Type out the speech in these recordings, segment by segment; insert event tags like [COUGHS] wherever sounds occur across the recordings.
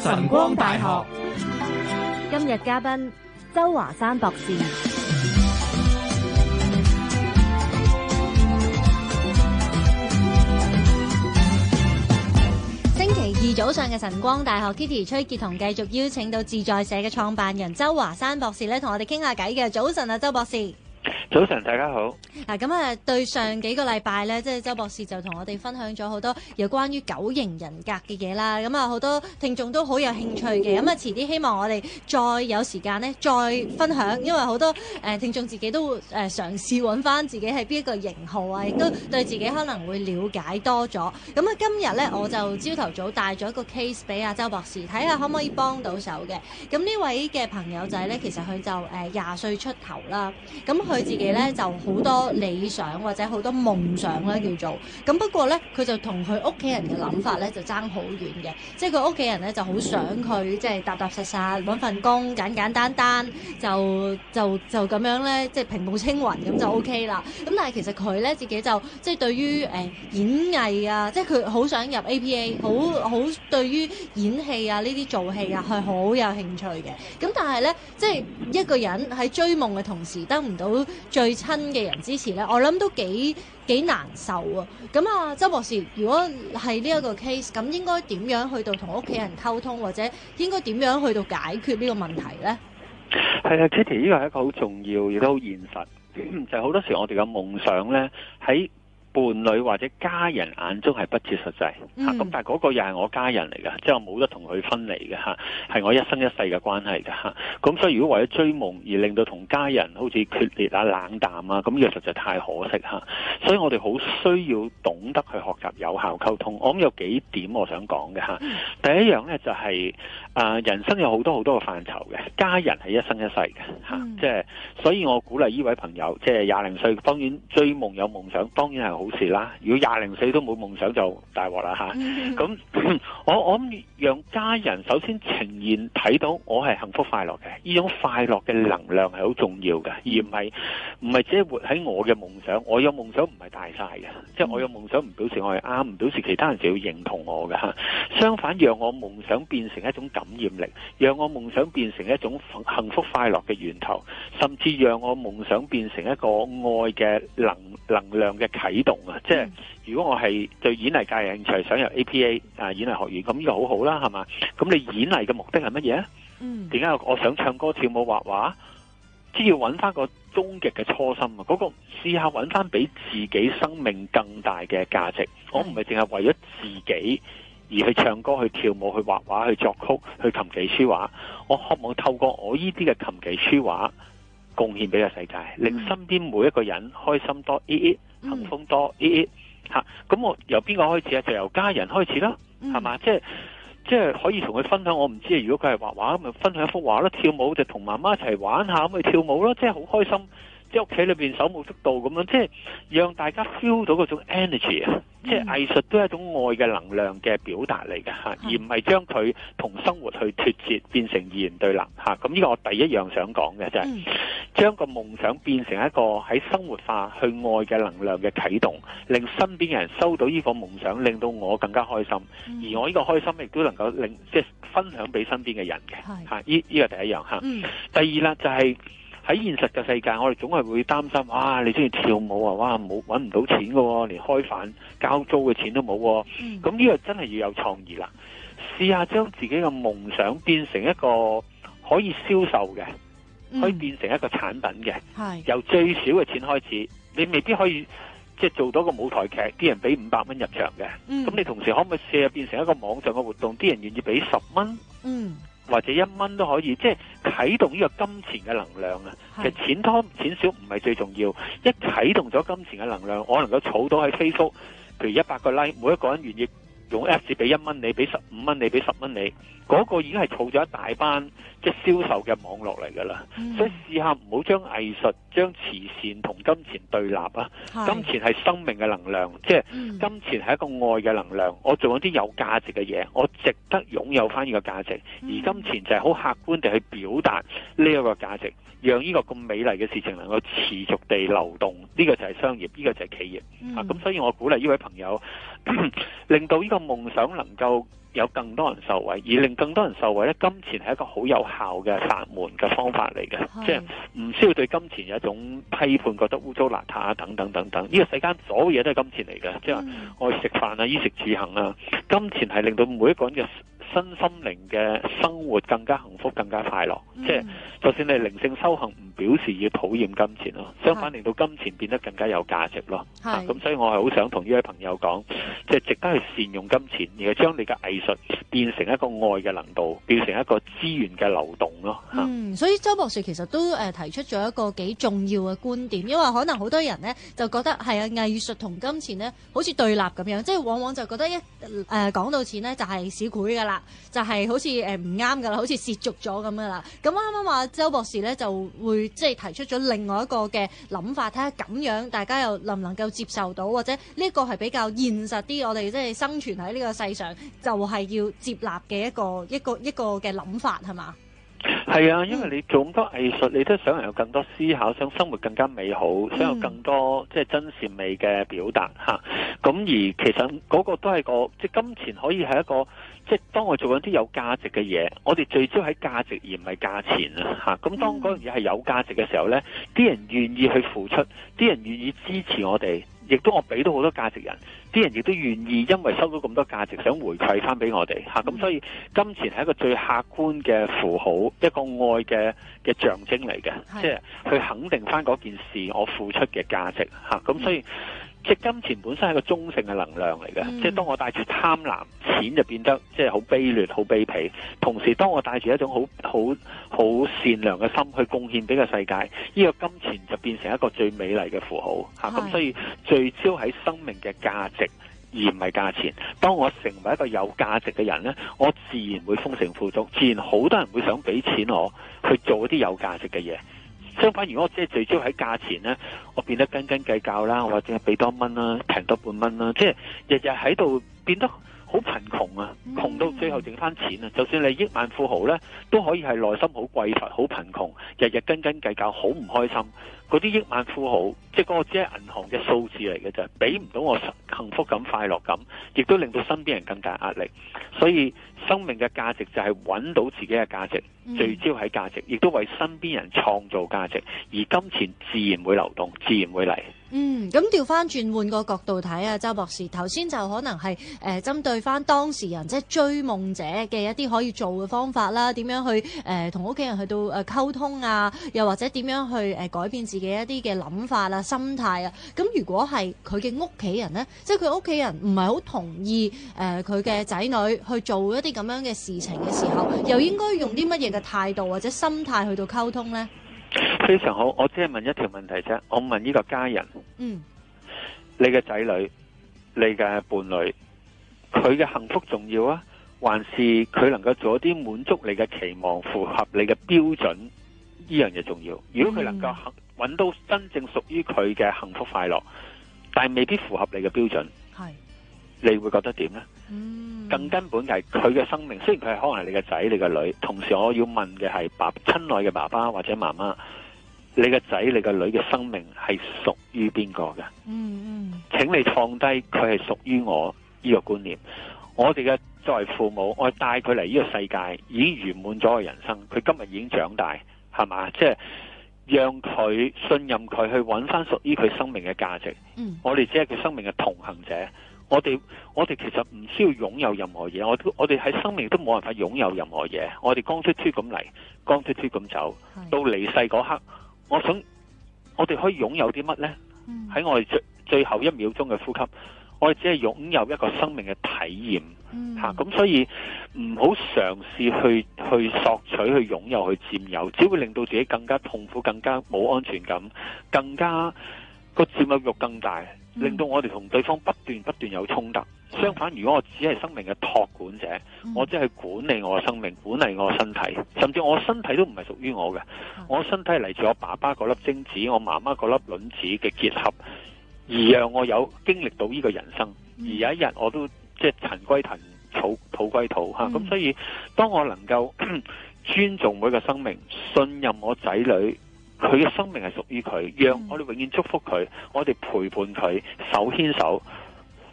晨光大學今日嘉賓周華山博士。星期二早上嘅晨光大學，Kitty、Titi，崔杰同繼續邀請到自在社嘅創辦人周華山博士咧，同我哋傾下偈嘅。早晨啊，周博士。早晨，大家好。嗱，咁啊，對上幾個禮拜咧，即係周博士就同我哋分享咗好多有關於九型人格嘅嘢啦。咁啊，好多聽眾都好有興趣嘅。咁啊，遲啲希望我哋再有時間咧，再分享，因為好多誒、呃、聽眾自己都會誒、呃、嘗試揾翻自己係邊一個型號啊，亦都對自己可能會了解多咗。咁啊，今日咧，我就朝頭早帶咗一個 case 俾阿周博士，睇下可唔可以幫到手嘅。咁呢位嘅朋友仔咧，其實佢就誒廿、呃、歲出頭啦。咁佢自己嘢咧，就好多理想或者好多夢想咧叫做咁。不過咧，佢就同佢屋企人嘅諗法咧就爭好遠嘅，即係佢屋企人咧就好想佢即係踏踏實實搵份工，簡簡單單就就就咁樣咧，即係平步青雲咁就 O K 啦。咁但係其實佢咧自己就即係對於、呃、演藝啊，即係佢好想入 A P A，好好對於演戲啊呢啲做戲啊係好有興趣嘅。咁但係咧，即係一個人喺追夢嘅同時得唔到。最親嘅人支持咧，我諗都幾幾難受啊！咁啊，周博士，如果係呢一個 case，咁應該點樣去到同屋企人溝通，或者應該點樣去到解決呢個問題咧？係啊，Kitty，呢個係一個好重要，亦都好現實，就係好多時我哋嘅夢想咧喺。伴侶或者家人眼中係不切實際咁、嗯、但係嗰個又係我家人嚟嘅，即、就、係、係、我冇得同佢分離嘅嚇，係我一生一世嘅關係嘅嚇，咁所以如果為咗追夢而令到同家人好似決裂啊冷淡啊，咁其實就，就太可惜嚇，所以我哋好需要懂得去學習有效溝通，我諗有幾點我想講嘅嚇，第一樣呢、就係，就係。啊！人生有好多好多嘅範疇嘅，家人係一生一世嘅，即、嗯、係、就是、所以我鼓勵呢位朋友，即係廿零歲，當然追夢有夢想，當然係好事啦。如果廿零歲都冇夢想就，就大鑊啦吓，咁我我諗讓家人首先呈現睇到我係幸福快樂嘅，呢種快樂嘅能量係好重要嘅，而唔係唔係只係活喺我嘅夢想。我有夢想唔係大晒嘅，即、嗯、係、就是、我有夢想唔表示我係啱，唔表示其他人就要認同我嘅，相反讓我夢想變成一種感。感染力，讓我夢想變成一種幸福快樂嘅源頭，甚至讓我夢想變成一個愛嘅能能量嘅啟動啊、嗯！即係如果我係對演藝界嘅興趣，想入 APA 啊、呃、演藝學院，咁呢個很好好啦，係嘛？咁你演藝嘅目的係乜嘢啊？點、嗯、解我想唱歌、跳舞、畫畫，只要揾翻個終極嘅初心啊？嗰、那個試下揾翻比自己生命更大嘅價值，我唔係淨係為咗自己。嗯而去唱歌、去跳舞、去畫畫、去作曲、去琴棋書畫。我渴望透過我呢啲嘅琴棋書畫，貢獻俾個世界，令、嗯、身邊每一個人開心多啲，幸、嗯、福多啲。嚇、嗯！咁、啊、我由邊個開始啊？就由家人開始啦，係、嗯、嘛？即係即係可以同佢分享。我唔知如果佢係畫畫咁，咪分享一幅畫咯；跳舞就同媽媽一齊玩一下咁去跳舞咯，即係好開心。即屋企裏邊手舞足蹈咁樣，即係讓大家 feel 到嗰種 energy 啊、嗯！即係藝術都係一種愛嘅能量嘅表達嚟嘅吓，而唔係將佢同生活去脫節，變成二元對立吓。咁、啊、呢個我第一樣想講嘅就係、是、將、嗯、個夢想變成一個喺生活化去愛嘅能量嘅啟動，令身邊嘅人收到呢個夢想，令到我更加開心，嗯、而我呢個開心亦都能夠令即係分享俾身邊嘅人嘅。吓，呢、啊、呢、這個第一樣吓、啊嗯。第二啦就係、是。喺現實嘅世界，我哋總係會擔心，哇！你中意跳舞啊？哇，冇揾唔到錢㗎喎，連開飯交租嘅錢都冇。咁、嗯、呢個真係要有創意啦！試下將自己嘅夢想變成一個可以銷售嘅、嗯，可以變成一個產品嘅。由最少嘅錢開始，你未必可以即係、就是、做到一個舞台劇，啲人畀五百蚊入場嘅。咁、嗯、你同時可唔可以試下變成一個網上嘅活動，啲人願意畀十蚊？嗯或者一蚊都可以，即係啟動呢個金錢嘅能量啊！其實錢多錢少唔係最重要，一啟動咗金錢嘅能量，我能夠儲到喺 Facebook，譬如一百個 like，每一個人願意。用 s 俾一蚊你，俾十五蚊你，俾十蚊你，嗰、那個已經係儲咗一大班即係銷售嘅網絡嚟噶啦。所以試下唔好將藝術、將慈善同金錢對立啊！是金錢係生命嘅能量，即、就、係、是、金錢係一個愛嘅能量。嗯、我做一啲有價值嘅嘢，我值得擁有翻呢個價值、嗯。而金錢就係好客觀地去表達呢一個價值，讓呢個咁美麗嘅事情能夠持續地流動。呢、這個就係商業，呢、這個就係企業咁、嗯啊、所以我鼓勵呢位朋友。 [COUGHS] 令到呢個夢想能夠有更多人受惠，而令更多人受惠咧，金錢係一個好有效嘅法門嘅方法嚟嘅，即係唔需要對金錢有一種批判，覺得污糟邋遢啊等等等等。呢、這個世間所有嘢都係金錢嚟嘅，即、嗯、係、就是，我食飯啊、衣食住行啊，金錢係令到每一個人嘅身心靈嘅生活更加幸福、更加快樂。嗯就是、即係就算你靈性修行唔。表示要討厭金錢咯，相反令到金錢變得更加有價值咯。咁，所以我係好想同呢位朋友講，即係值得去善用金錢，而係將你嘅藝術變成一個愛嘅能度，變成一個資源嘅流動咯。嗯，所以周博士其實都誒提出咗一個幾重要嘅觀點，因為可能好多人呢就覺得係啊藝術同金錢呢好似對立咁樣，即係往往就覺得一誒講到錢呢就係市儈㗎啦，就係好似誒唔啱㗎啦，好似涉足咗咁㗎啦。咁啱啱話周博士呢就會。即係提出咗另外一個嘅諗法，睇下咁樣大家又能唔能夠接受到，或者呢個係比較現實啲，我哋即係生存喺呢個世上，就係要接納嘅一個一個一個嘅諗法，係嘛？係啊，因為你做咁多藝術，你都想有更多思考，想生活更加美好，想有更多即係真善美嘅表達嚇。咁而其實嗰個都係個即係金錢可以係一個即係當我做緊啲有價值嘅嘢，我哋聚焦喺價值而唔係價錢啊！吓咁當嗰樣嘢係有價值嘅時候呢，啲人願意去付出，啲人願意支持我哋，亦都我俾到好多價值人，啲人亦都願意因為收到咁多價值想回饋翻俾我哋咁，啊、所以金錢係一個最客觀嘅符號，一個愛嘅嘅象徵嚟嘅，即係去肯定翻嗰件事我付出嘅價值咁、啊、所以。嗯即係金錢本身係個中性嘅能量嚟嘅，即、嗯、係當我帶住貪婪，錢就變得即係好卑劣、好卑鄙。同時，當我帶住一種好好好善良嘅心去貢獻俾個世界，呢、這個金錢就變成一個最美麗嘅符號吓。咁、啊、所以聚焦喺生命嘅價值，而唔係價錢。當我成為一個有價值嘅人呢，我自然會豐盛富足，自然好多人會想俾錢我去做一啲有價值嘅嘢。相反，如果我即係聚焦喺價錢咧，我變得斤斤計較啦，或者係俾多蚊啦，平多半蚊啦，即係日日喺度變得好貧窮啊，窮到最後剩翻錢啊，就算你億萬富豪咧，都可以係內心好匱乏，好貧窮，日日斤斤計較，好唔開心。嗰啲億萬富豪，即係嗰個只係銀行嘅數字嚟嘅啫，俾唔到我幸福感、快樂感，咁，亦都令到身邊人更大壓力。所以生命嘅價值就係揾到自己嘅價值，聚焦喺價值，亦都為身邊人創造價值，而金錢自然會流動，自然會嚟。嗯，咁調翻轉，換個角度睇啊，周博士，頭先就可能係誒針對翻當事人，即係追夢者嘅一啲可以做嘅方法啦，點樣去誒同屋企人去到誒溝通啊，又或者點樣去誒、呃、改變自己嘅一啲嘅諗法啦、心態啊，咁如果係佢嘅屋企人咧，即係佢屋企人唔係好同意誒，佢嘅仔女去做一啲咁樣嘅事情嘅時候，又應該用啲乜嘢嘅態度或者心態去到溝通咧？非常好，我只係問一條問題啫，我問呢個家人，嗯，你嘅仔女、你嘅伴侶，佢嘅幸福重要啊，還是佢能夠做一啲滿足你嘅期望、符合你嘅標準，呢樣嘢重要？如果佢能夠合。揾到真正屬於佢嘅幸福快樂，但未必符合你嘅標準，係你會覺得點呢？嗯，更根本就係佢嘅生命，雖然佢係可能係你嘅仔、你嘅女，同時我要問嘅係爸爸、親愛嘅爸爸或者媽媽，你嘅仔、你嘅女嘅生命係屬於邊個嘅？嗯嗯，請你放低佢係屬於我呢個觀念。我哋嘅作為父母，我帶佢嚟呢個世界已經圓滿咗我人生，佢今日已經長大，係嘛？即係。讓佢信任佢去揾翻屬於佢生命嘅價值。嗯，我哋只係佢生命嘅同行者。我哋我哋其實唔需要擁有任何嘢。我都我哋喺生命都冇辦法擁有任何嘢。我哋光禿禿咁嚟，光禿禿咁走，到離世嗰刻，我想我哋可以擁有啲乜呢？喺、嗯、我哋最最後一秒鐘嘅呼吸。我哋只係擁有一個生命嘅體驗，咁、嗯、所以唔好嘗試去去索取、去擁有、去佔有，只會令到自己更加痛苦、更加冇安全感、更加個佔有欲更大，令到我哋同對方不斷不斷有衝突、嗯。相反，如果我只係生命嘅託管者，嗯、我只係管理我生命、管理我身體，甚至我身體都唔係屬於我嘅，我身體嚟自我爸爸嗰粒精子、我媽媽嗰粒卵子嘅結合。而讓我有經歷到呢個人生，嗯、而有一日我都即係塵歸塵，土歸土歸土吓。咁、嗯、所以，當我能夠 [COUGHS] 尊重每個生命，信任我仔女，佢嘅生命係屬於佢，讓我哋永遠祝福佢，我哋陪伴佢，手牽手，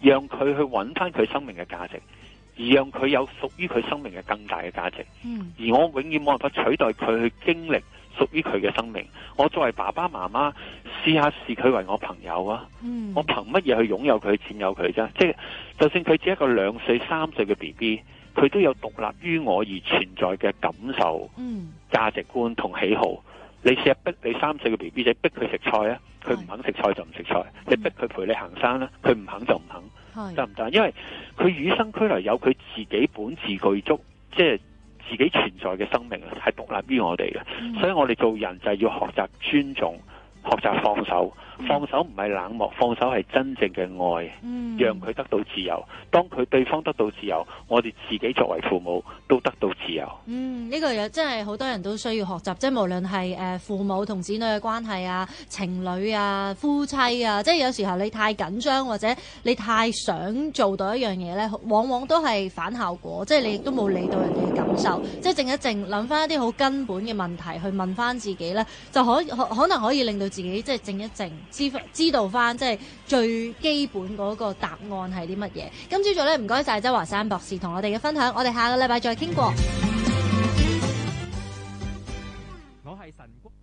讓佢去揾翻佢生命嘅價值，而讓佢有屬於佢生命嘅更大嘅價值、嗯。而我永遠冇辦法取代佢去經歷。屬於佢嘅生命，我作為爸爸媽媽，嘗嘗試下視佢為我朋友啊！嗯、我憑乜嘢去擁有佢、佔有佢啫？即係就算佢只有一個兩歲、三歲嘅 B B，佢都有獨立於我而存在嘅感受、嗯、價值觀同喜好。你成日逼你三歲嘅 B B 仔逼佢食菜啊，佢唔肯食菜就唔食菜。你逼佢陪你行山咧、啊，佢唔肯就唔肯，得唔得？因為佢與生俱來有佢自己本自具足，即係自己存在嘅生命係獨立於我哋嘅，所以我哋做人就係要學習尊重，學習放手。放手唔係冷漠，放手係真正嘅愛，嗯，讓佢得到自由。當佢對方得到自由，我哋自己作為父母都得到自由。嗯，呢個有真係好多人都需要學習，即係無論係誒父母同子女嘅關係啊、情侶啊、夫妻啊，即係有時候你太緊張或者你太想做到一樣嘢咧，往往都係反效果，即係你亦都冇理到人哋嘅感受。即係靜一靜，諗翻一啲好根本嘅問題去問翻自己咧，就可可能可以令到自己即係靜一靜。知知道返即係最基本嗰個答案係啲乜嘢？今朝早咧唔該晒周華山博士同我哋嘅分享，我哋下個禮拜再傾過。我係神光。